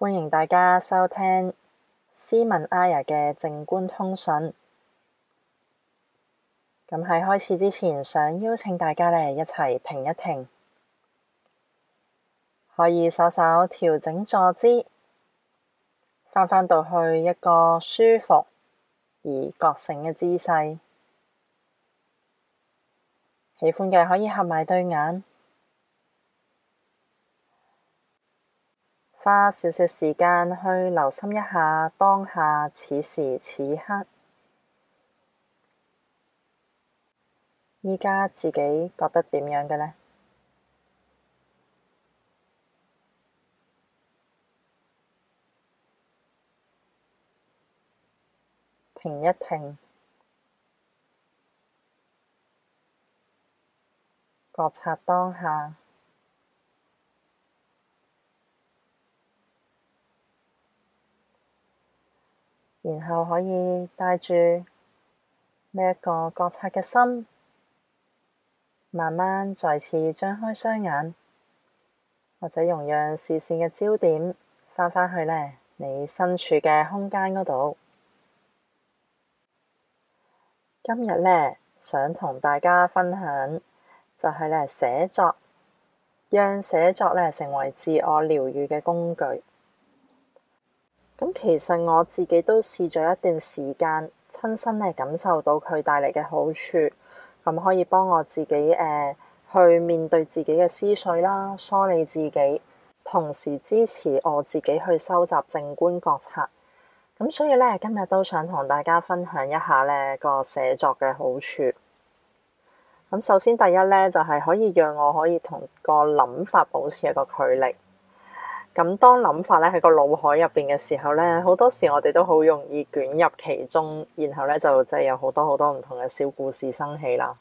歡迎大家收聽斯文阿爺嘅靜觀通訊。咁喺開始之前，想邀請大家嚟一齊停一停，可以稍稍調整坐姿，翻返到去一個舒服而覺醒嘅姿勢。喜歡嘅可以合埋對眼。花少少時間去留心一下當下此時此刻，而家自己覺得點樣嘅呢？停一停，覺察當下。然後可以帶住呢一個覺察嘅心，慢慢再次張開雙眼，或者容讓視線嘅焦點翻返去呢你身處嘅空間嗰度。今日呢，想同大家分享，就係呢寫作，讓寫作呢成為自我療癒嘅工具。咁其實我自己都試咗一段時間，親身呢感受到佢帶嚟嘅好處，咁可以幫我自己誒、呃、去面對自己嘅思緒啦，梳理自己，同時支持我自己去收集靜觀覺察。咁所以呢，今日都想同大家分享一下呢個寫作嘅好處。咁首先第一呢，就係、是、可以讓我可以同個諗法保持一個距離。咁當諗法咧喺個腦海入邊嘅時候咧，好多時我哋都好容易捲入其中，然後咧就即係有好多好多唔同嘅小故事生起啦。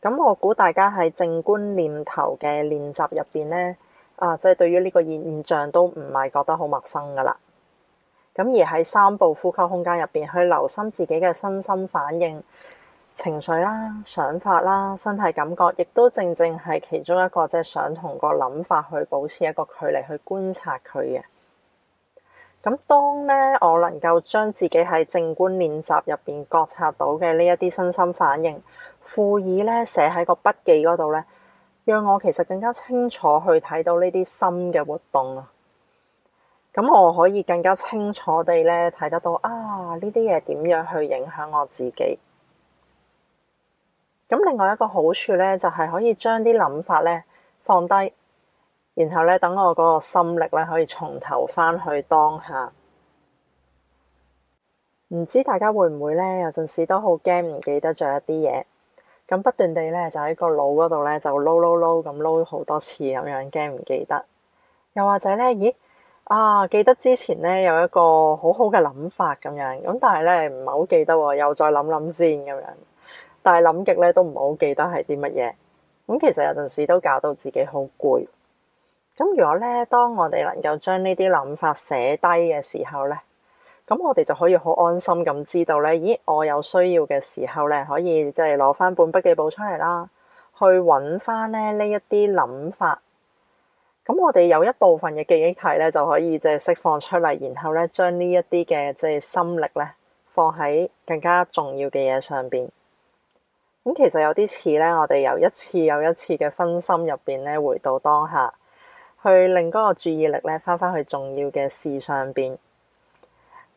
咁我估大家喺正觀念頭嘅練習入邊咧，啊，即係對於呢個現現象都唔係覺得好陌生噶啦。咁而喺三步呼吸空間入邊，去留心自己嘅身心反應。情緒啦、想法啦、身體感覺，亦都正正係其中一個，即係想同個諗法去保持一個距離去觀察佢嘅。咁當呢，我能夠將自己喺靜觀練習入邊覺察到嘅呢一啲身心反應，賦以呢寫喺個筆記嗰度呢，讓我其實更加清楚去睇到呢啲心嘅活動啊。咁我可以更加清楚地呢睇得到啊，呢啲嘢點樣去影響我自己。咁另外一個好處咧，就係可以將啲諗法咧放低，然後咧等我嗰個心力咧可以從頭翻去當下。唔知大家會唔會咧？有陣時都好驚唔記得咗一啲嘢。咁不斷地咧就喺個腦嗰度咧就撈撈撈咁撈好多次咁樣，驚唔記得。又或者咧，咦啊，記得之前咧有一個好好嘅諗法咁樣，咁但係咧唔係好記得，又再諗諗先咁樣。但係諗極咧，都唔好記得係啲乜嘢咁。其實有陣時都搞到自己好攰。咁如果咧，當我哋能夠將呢啲諗法寫低嘅時候咧，咁我哋就可以好安心咁知道咧。咦，我有需要嘅時候咧，可以即係攞翻本筆記簿出嚟啦，去搵翻咧呢一啲諗法。咁我哋有一部分嘅記憶體咧，就可以即係釋放出嚟，然後咧將呢一啲嘅即係心力咧放喺更加重要嘅嘢上邊。咁其實有啲似咧，我哋由一次又一次嘅分心入邊咧，回到當下去令嗰個注意力咧，翻返去重要嘅事上邊。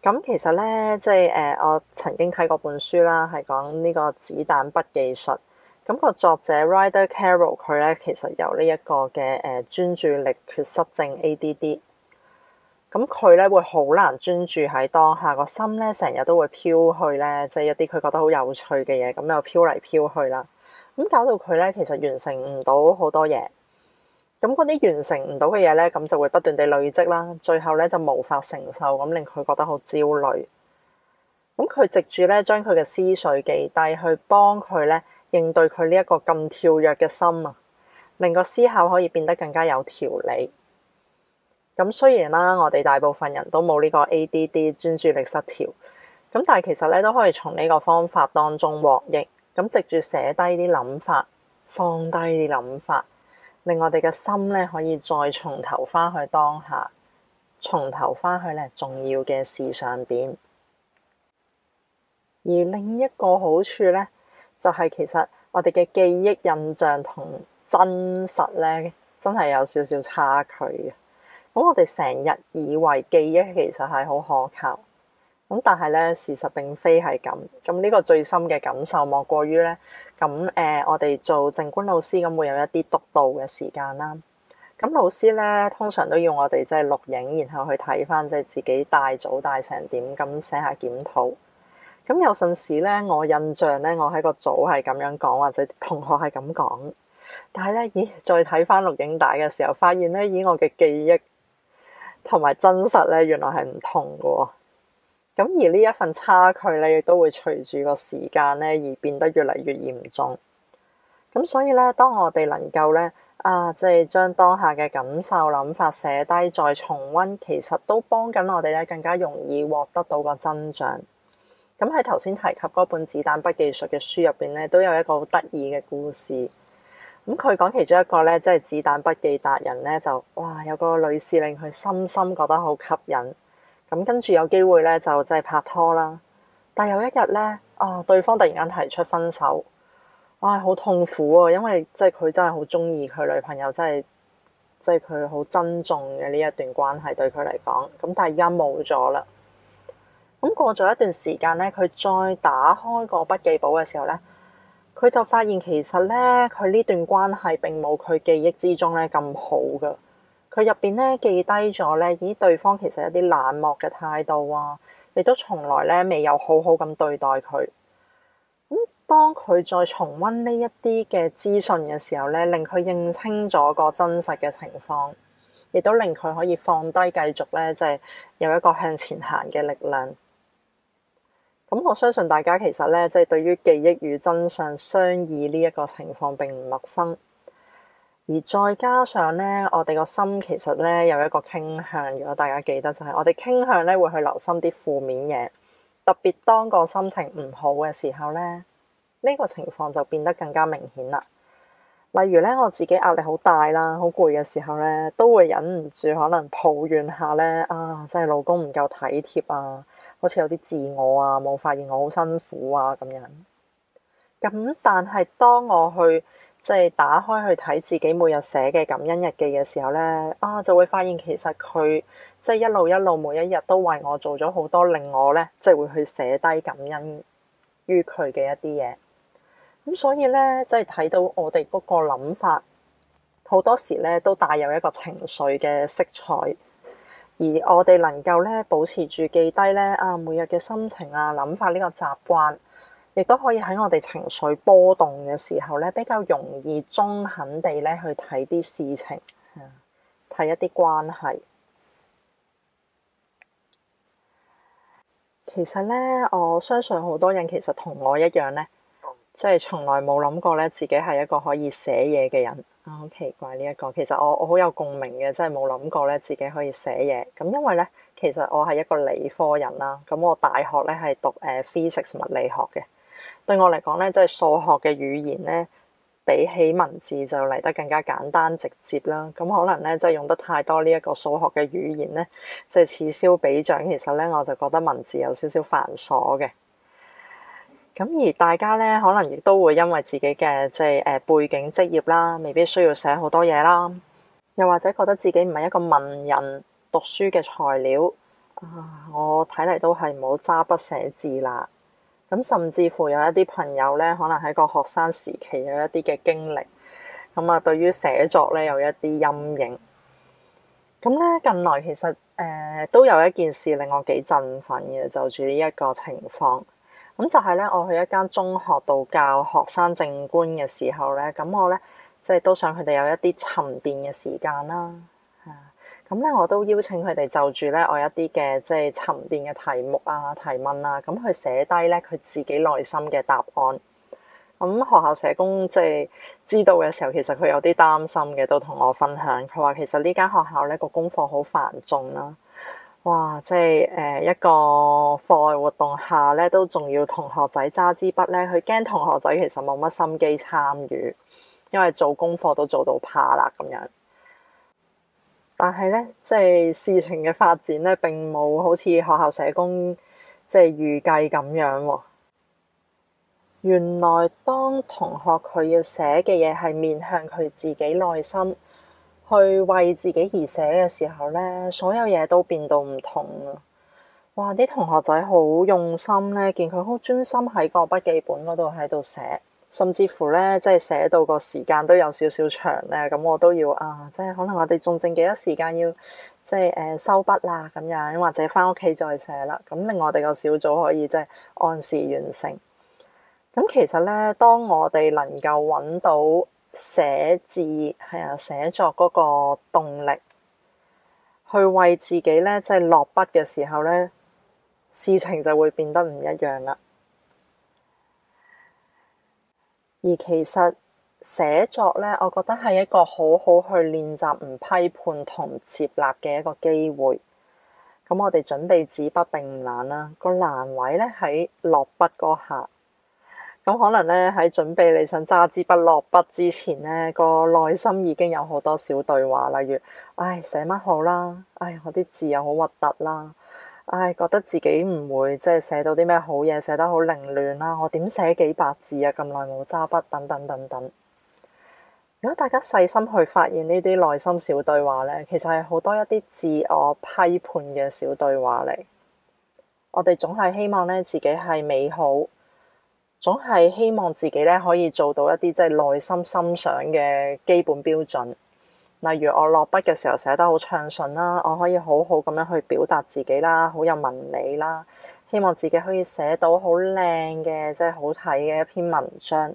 咁其實咧，即係誒、呃，我曾經睇過本書啦，係講呢個子彈筆技術。咁、那個作者 Rider Carroll 佢咧，其實由呢一個嘅誒專注力缺失症 （ADD）。咁佢咧會好難專注喺當下，個心咧成日都會飄去咧，即係一啲佢覺得好有趣嘅嘢，咁又飄嚟飄去啦。咁搞到佢咧其實完成唔到好多嘢。咁嗰啲完成唔到嘅嘢咧，咁就會不斷地累積啦，最後咧就無法承受，咁令佢覺得好焦慮。咁佢藉住咧將佢嘅思緒記低去幫佢咧應對佢呢一個咁跳躍嘅心啊，令個思考可以變得更加有條理。咁雖然啦，我哋大部分人都冇呢個 A.D.D. 專注力失調，咁但係其實呢都可以從呢個方法當中獲益。咁藉住寫低啲諗法，放低啲諗法，令我哋嘅心呢可以再從頭翻去當下，從頭翻去呢重要嘅事上面。而另一個好處呢，就係其實我哋嘅記憶印象同真實呢，真係有少少差距嘅。咁我哋成日以為記憶其實係好可靠，咁但係咧事實並非係咁。咁呢個最深嘅感受莫過於咧，咁誒、呃、我哋做靜觀老師咁會有一啲督導嘅時間啦。咁老師咧通常都要我哋即係錄影，然後去睇翻即係自己帶組帶成點，咁寫下檢討。咁有陣時咧，我印象咧，我喺個組係咁樣講，或者同學係咁講，但係咧，咦再睇翻錄影帶嘅時候，發現咧以我嘅記憶，同埋真實咧，原來係唔同㗎喎。咁而呢一份差距咧，亦都會隨住個時間咧而變得越嚟越嚴重。咁所以咧，當我哋能夠咧啊，即係將當下嘅感受、諗法寫低，再重溫，其實都幫緊我哋咧更加容易獲得到個增長。咁喺頭先提及嗰本《子彈筆記術》嘅書入邊咧，都有一個好得意嘅故事。咁佢講其中一個咧，即係子彈筆記達人咧，就哇有個女士令佢深深覺得好吸引，咁跟住有機會咧就即係拍拖啦。但有一日咧，啊、哦、對方突然間提出分手，唉、哎、好痛苦啊，因為即係佢真係好中意佢女朋友，真係即係佢好珍重嘅呢一段關係，對佢嚟講。咁但係而家冇咗啦。咁過咗一段時間咧，佢再打開個筆記簿嘅時候咧。佢就發現其實咧，佢呢段關係並冇佢記憶之中咧咁好噶。佢入邊咧記低咗咧，咦？對方其實有一啲冷漠嘅態度啊，亦都從來咧未有好好咁對待佢。咁、嗯、當佢再重温呢一啲嘅資訊嘅時候咧，令佢認清咗個真實嘅情況，亦都令佢可以放低繼續咧，即、就、係、是、有一個向前行嘅力量。咁我相信大家其實呢，即係對於記憶與真相相異呢一個情況並唔陌生。而再加上呢，我哋個心其實呢有一個傾向，如果大家記得就係我哋傾向呢會去留心啲負面嘢。特別當個心情唔好嘅時候呢，呢個情況就變得更加明顯啦。例如呢，我自己壓力好大啦，好攰嘅時候呢，都會忍唔住可能抱怨下呢，啊，真係老公唔夠體貼啊！好似有啲自我啊，冇發現我好辛苦啊咁樣。咁但係當我去即係打開去睇自己每日寫嘅感恩日記嘅時候呢，啊就會發現其實佢即係一路一路每一日都為我做咗好多令我呢，即係會去寫低感恩於佢嘅一啲嘢。咁所以呢，即係睇到我哋嗰個諗法，好多時呢都帶有一個情緒嘅色彩。而我哋能夠呢，保持住記低呢，啊每日嘅心情啊、諗法呢個習慣，亦都可以喺我哋情緒波動嘅時候呢，比較容易中肯地呢去睇啲事情，睇一啲關係。其實呢，我相信好多人其實同我一樣呢，即係從來冇諗過呢，自己係一個可以寫嘢嘅人。好、oh, 奇怪，呢一個，其實我我好有共鳴嘅，真係冇諗過咧，自己可以寫嘢。咁因為咧，其實我係一個理科人啦，咁我大學咧係讀誒、呃、physics 物理學嘅。對我嚟講咧，即係數學嘅語言咧，比起文字就嚟得更加簡單直接啦。咁可能咧，即係用得太多呢一個數學嘅語言咧，即係此消彼長。其實咧，我就覺得文字有少少繁瑣嘅。咁而大家呢，可能亦都會因為自己嘅，即係誒背景、職業啦，未必需要寫好多嘢啦。又或者覺得自己唔係一個文人讀書嘅材料啊、呃，我睇嚟都係唔好揸筆寫字啦。咁甚至乎有一啲朋友呢，可能喺個學生時期有一啲嘅經歷，咁啊，對於寫作呢，有一啲陰影。咁呢，近來其實誒、呃、都有一件事令我幾振奮嘅，就住呢一個情況。咁就係咧，我去一間中學度教學生靜觀嘅時候咧，咁我咧即係都想佢哋有一啲沉澱嘅時間啦。咁、啊、咧，我都邀請佢哋就住咧我一啲嘅即係沉澱嘅題目啊、提問啊，咁去寫低咧佢自己內心嘅答案。咁學校社工即係知道嘅時候，其實佢有啲擔心嘅，都同我分享。佢話其實呢間學校咧個功課好繁重啦。哇！即係誒、呃，一個課外活動下咧，都仲要同學仔揸支筆咧，佢驚同學仔其實冇乜心機參與，因為做功課都做到怕啦咁樣。但係咧，即係事情嘅發展咧，並冇好似學校社工即係預計咁樣喎、哦。原來當同學佢要寫嘅嘢係面向佢自己內心。去為自己而寫嘅時候呢，所有嘢都變到唔同啦！哇，啲同學仔好用心呢，見佢好專心喺個筆記本嗰度喺度寫，甚至乎呢，即係寫到個時間都有少少長呢。咁我都要啊，即係可能我哋仲剩幾多時間要即係誒、呃、收筆啦，咁樣或者返屋企再寫啦。咁令我哋個小組可以即係按時完成。咁其實呢，當我哋能夠揾到。寫字係啊，寫作嗰個動力，去為自己呢，即係落筆嘅時候呢，事情就會變得唔一樣啦。而其實寫作呢，我覺得係一個好好去練習唔批判同接納嘅一個機會。咁我哋準備紙筆並唔難啦，個難位呢，喺落筆嗰下。咁可能呢，喺準備你想揸支筆落筆之前，呢個內心已經有好多小對話，例如，唉寫乜好啦，唉我啲字又好核突啦，唉覺得自己唔會即係寫到啲咩好嘢，寫得好凌亂啦，我點寫幾百字啊，咁耐冇揸筆，等等等等。如果大家細心去發現呢啲內心小對話呢，其實係好多一啲自我批判嘅小對話嚟。我哋總係希望呢，自己係美好。總係希望自己呢可以做到一啲即係內心心想嘅基本標準，例如我落筆嘅時候寫得好暢順啦，我可以好好咁樣去表達自己啦，好有文理啦，希望自己可以寫到，就是，好靚嘅，即係好睇嘅一篇文章。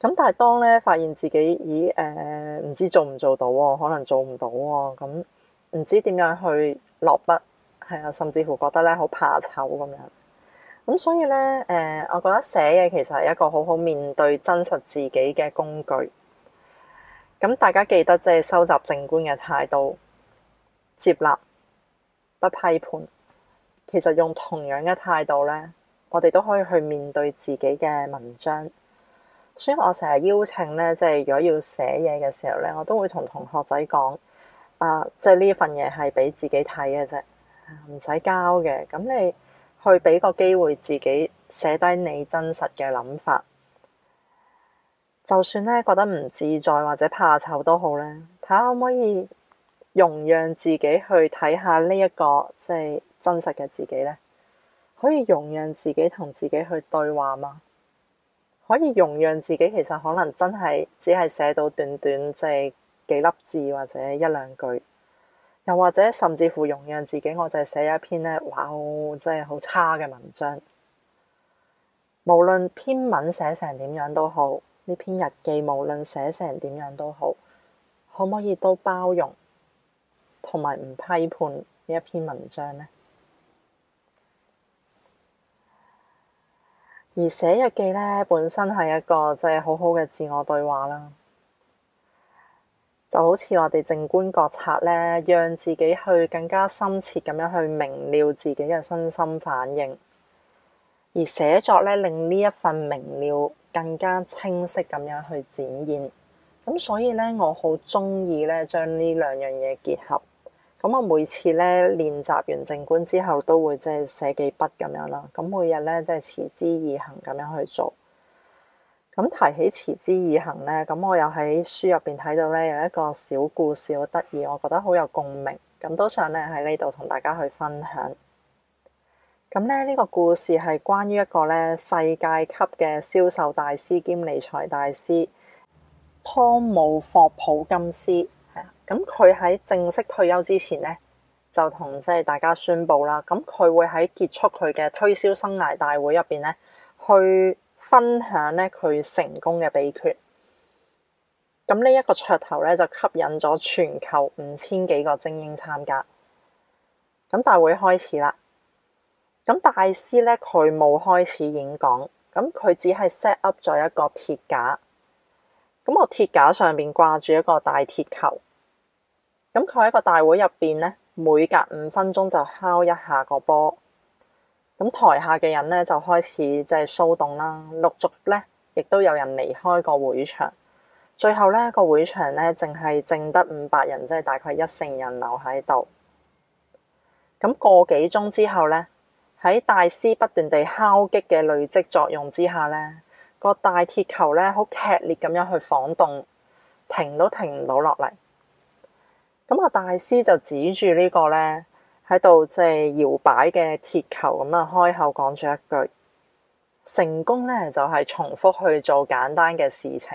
咁但係當呢，發現自己，咦，誒、呃，唔知做唔做到喎，可能做唔到喎，咁、嗯、唔知點樣去落筆，係啊，甚至乎覺得呢好怕醜咁樣。咁所以呢，誒、呃，我覺得寫嘢其實係一個好好面對真實自己嘅工具。咁大家記得即係收集靜觀嘅態度，接納不批判。其實用同樣嘅態度呢，我哋都可以去面對自己嘅文章。所以我成日邀請呢，即係如果要寫嘢嘅時候呢，我都會同同學仔講，啊，即係呢份嘢係俾自己睇嘅啫，唔使交嘅。咁你。去俾個機會自己寫低你真實嘅諗法，就算呢覺得唔自在或者怕醜都好呢，睇下可唔可以容讓自己去睇下呢一個即係真實嘅自己呢？可以容讓自己同自己去對話嘛？可以容讓自己其實可能真係只係寫到短短即係幾粒字或者一兩句。又或者甚至乎容忍自己，我就係寫一篇呢，哇！我真係好差嘅文章。無論篇文寫成點樣都好，呢篇日記無論寫成點樣都好，可唔可以都包容同埋唔批判呢一篇文章呢？而寫日記呢，本身係一個即係好好嘅自我對話啦。就好似我哋靜觀覺察呢，讓自己去更加深切咁樣去明了自己嘅身心反應，而寫作呢，令呢一份明了更加清晰咁樣去展現。咁所以呢，我好中意呢將呢兩樣嘢結合。咁我每次呢練習完靜觀之後，都會即係寫幾筆咁樣啦。咁每日呢，即係持之以恆咁樣去做。咁提起持之以恆呢，咁我又喺書入邊睇到呢，有一個小故事，好得意，我覺得好有共鳴。咁都想呢喺呢度同大家去分享。咁呢，呢個故事係關於一個呢世界級嘅銷售大師兼理財大師湯姆霍普金斯，係啊。咁佢喺正式退休之前呢，就同即係大家宣布啦。咁佢會喺結束佢嘅推銷生涯大會入邊呢去，分享呢，佢成功嘅秘訣，咁呢一個噱頭呢，就吸引咗全球五千幾個精英參加。咁大會開始啦，咁大師呢，佢冇開始演講，咁佢只係 set up 咗一個鐵架，咁個鐵架上面掛住一個大鐵球，咁佢喺個大會入邊呢，每隔五分鐘就敲一下個波。咁台下嘅人呢，就開始即係騷動啦，陸續呢，亦都有人離開個會場，最後呢個會場呢，淨係淨得五百人，即係大概一成人留喺度。咁個幾鐘之後呢，喺大師不斷地敲擊嘅累積作用之下呢，個大鐵球呢，好劇烈咁樣去晃動，停都停唔到落嚟。咁阿大師就指住呢個呢。喺度即係搖擺嘅鐵球咁啊！開口講咗一句：成功呢，就係重複去做簡單嘅事情，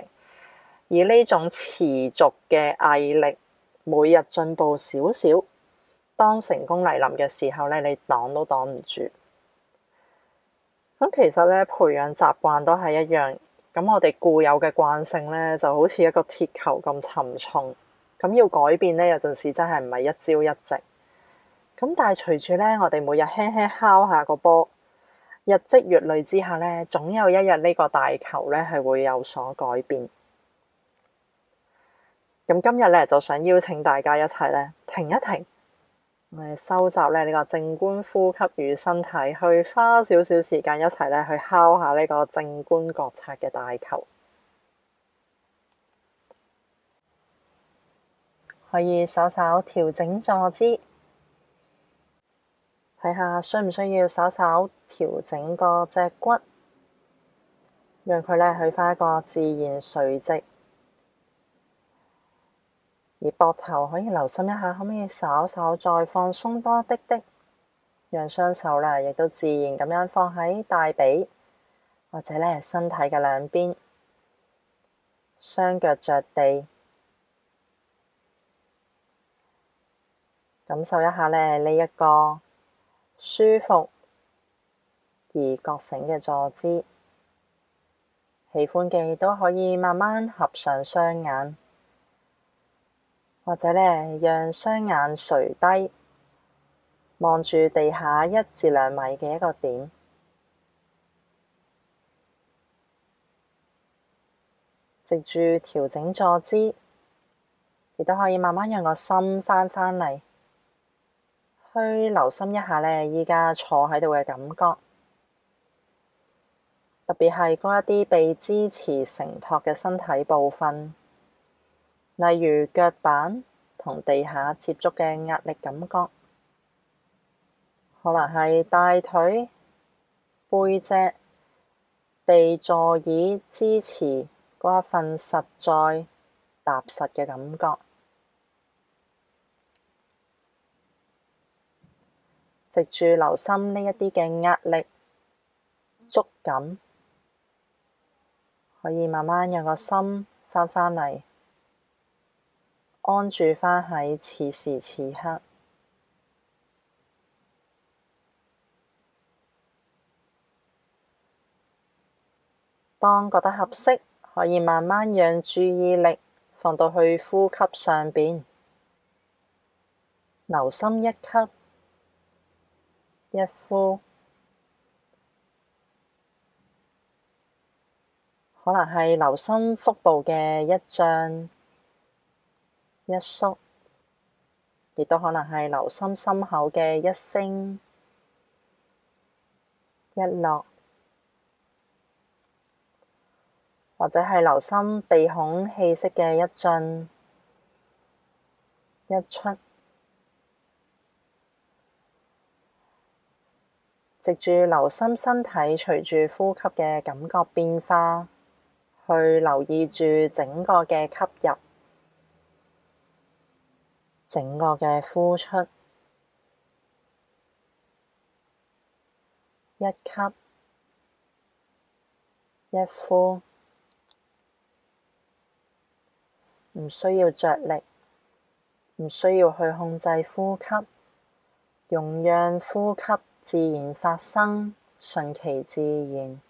以呢種持續嘅毅力，每日進步少少，當成功嚟臨嘅時候呢，你擋都擋唔住。咁其實呢，培養習慣都係一樣。咁我哋固有嘅慣性呢，就好似一個鐵球咁沉重。咁要改變呢，有陣時真係唔係一朝一夕。咁但係隨住呢，我哋每日輕輕敲下個波，日積月累之下呢，總有一日呢個大球呢係會有所改變。咁今日呢，就想邀請大家一齊呢，停一停，咪收集呢個靜觀呼吸與身體，去花少少時間一齊呢去敲下呢個靜觀覺察嘅大球，可以稍稍調整坐姿。睇下需唔需要稍稍調整個脊骨，讓佢呢去翻一個自然垂直，而膊頭可以留心一下，可唔可以稍稍再放鬆多啲啲？讓雙手啦，亦都自然咁樣放喺大髀或者呢身體嘅兩邊，雙腳着地，感受一下呢呢一個舒服而覺醒嘅坐姿，喜歡嘅都可以慢慢合上雙眼，或者呢，讓雙眼垂低，望住地下一至兩米嘅一個點，藉住調整坐姿，亦都可以慢慢讓個心翻返嚟。去留心一下呢，依家坐喺度嘅感覺，特別係嗰一啲被支持承托嘅身體部分，例如腳板同地下接觸嘅壓力感覺，可能係大腿、背脊被座椅支持嗰一份實在踏實嘅感覺。藉住留心呢一啲嘅壓力、觸感，可以慢慢讓個心返翻嚟，安住翻喺此時此刻。當覺得合適，可以慢慢讓注意力放到去呼吸上邊，留心一吸，一呼，可能係留心腹部嘅一脹一縮，亦都可能係留心心口嘅一升一落，或者係留心鼻孔氣息嘅一進一出。藉住留心身體，隨住呼吸嘅感覺變化，去留意住整個嘅吸入、整個嘅呼出，一吸一呼，唔需要着力，唔需要去控制呼吸，容讓呼吸。自然發生，順其自然，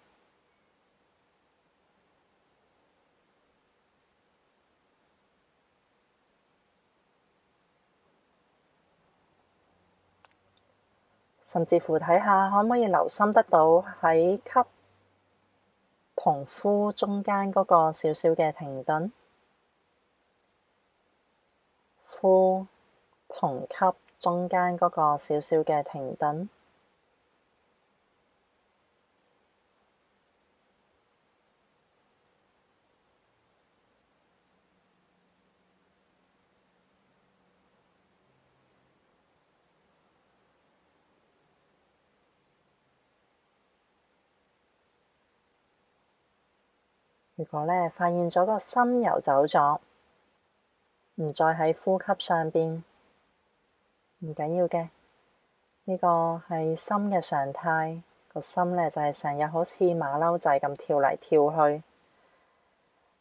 甚至乎睇下可唔可以留心得到喺吸同呼中間嗰個小小嘅停頓，呼同吸中間嗰個小小嘅停頓。如果呢，發現咗個心游走咗，唔再喺呼吸上邊，唔緊要嘅。呢個係心嘅常態。個心呢就係成日好似馬騮仔咁跳嚟跳去。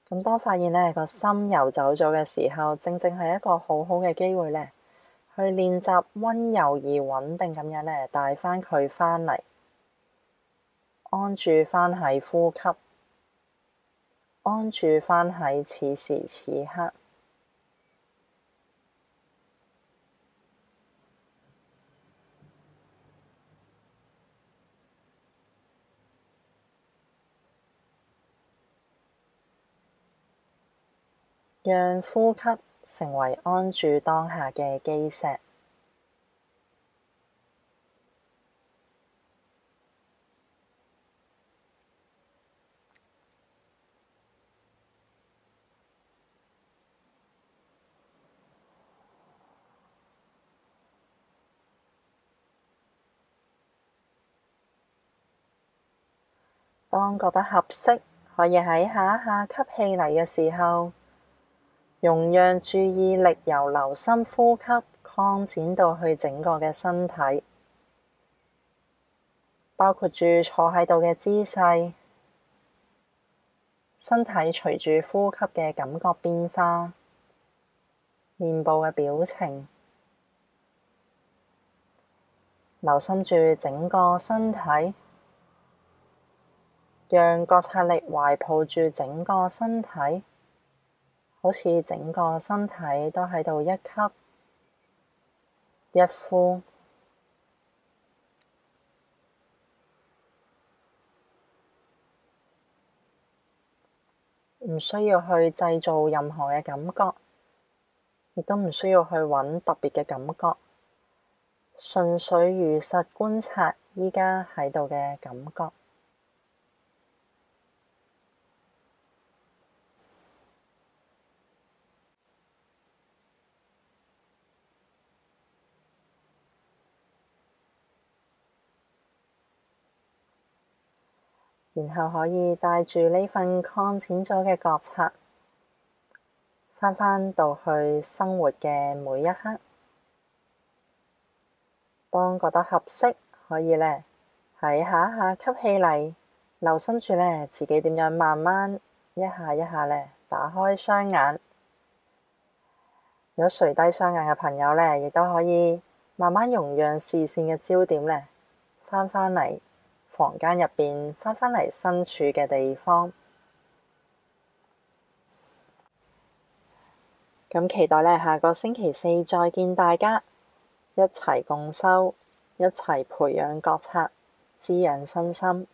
咁當發現呢個心游走咗嘅時候，正正係一個好好嘅機會呢，去練習溫柔而穩定咁樣呢，帶返佢返嚟，安住返喺呼吸。安住返喺此時此刻，讓呼吸成為安住當下嘅基石。當覺得合適，可以喺下一下吸氣嚟嘅時候，容讓注意力由留心呼吸擴展到去整個嘅身體，包括住坐喺度嘅姿勢、身體隨住呼吸嘅感覺變化、面部嘅表情，留心住整個身體。讓覺察力懷抱住整個身體，好似整個身體都喺度一吸一呼，唔需要去製造任何嘅感覺，亦都唔需要去揾特別嘅感覺，純粹如實觀察依家喺度嘅感覺。然後可以帶住呢份擴展咗嘅覺察，返返到去生活嘅每一刻。當覺得合適，可以呢，喺下一下吸氣嚟，留心住呢，自己點樣慢慢一下一下呢，打開雙眼。如果垂低雙眼嘅朋友呢，亦都可以慢慢容讓視線嘅焦點呢，返返嚟，房間入邊，返返嚟身處嘅地方。咁期待呢，下個星期四再見大家，一齊共修，一齊培養覺察，滋養身心。